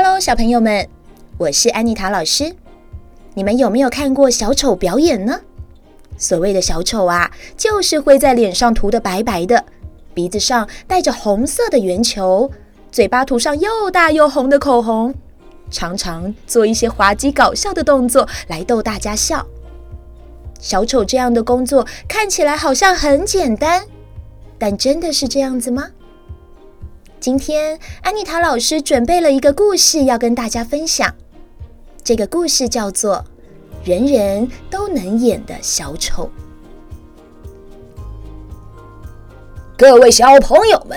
Hello，小朋友們，我是安妮塔老師。你們有沒有看過小丑表演呢？所謂的小丑啊，就是會在臉上塗得白白的，鼻子上戴着紅色的圓球，嘴巴塗上又大又紅的口紅，常常做一些滑稽搞笑的動作來逗大家笑。小丑這樣的工作看起來好像很簡單，但真的是這樣子嗎？今天，安妮塔老師準備了一個故事要跟大家分享。這個故事叫做《人人都能演的小丑》。各位小朋友們，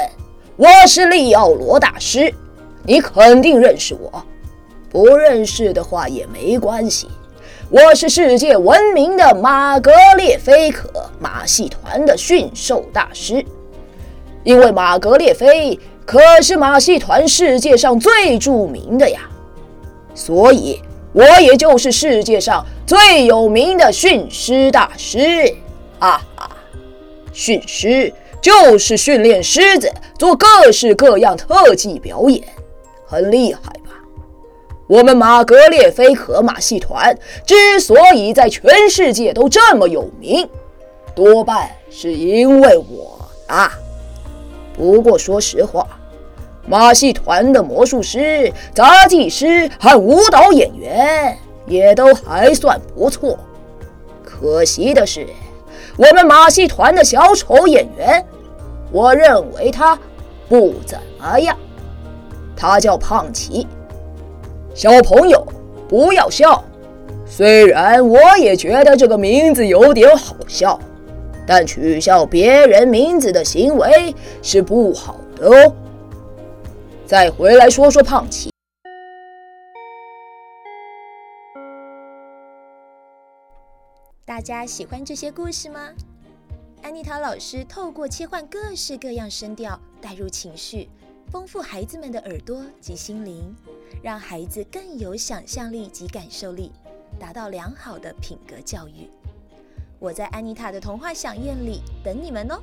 我是利奧羅大師，你肯定認識我。不認識的話也沒關係，我是世界聞名的馬格列菲可馬戲團的馴獸大師。因為馬格列菲可是馬戲團世界上最著名的呀，所以我也就是世界上最有名的馴獅大師啊！馴獅就是訓練獅子做各式各樣特技表演，很厲害吧？我們馬格列菲可馬戲團之所以在全世界都這麼有名，多半是因為我啊。不過說實話，馬戲團的魔術師、雜技師和舞蹈演員也都還算不錯。可惜的是，我們馬戲團的小丑演員，我認為他不怎麼樣。他叫胖奇。小朋友，不要笑。雖然我也覺得這個名字有點好笑。但取笑別人名字的行為是不好的哦。再回來說說胖奇。大家喜歡這些故事嗎？安妮塔老師透過切換各式各樣聲調，帶入情緒，豐富孩子們的耳朵及心靈，讓孩子更有想象力及感受力，達到良好的品格教育。我在安妮塔的童話饗宴裡等你們哦。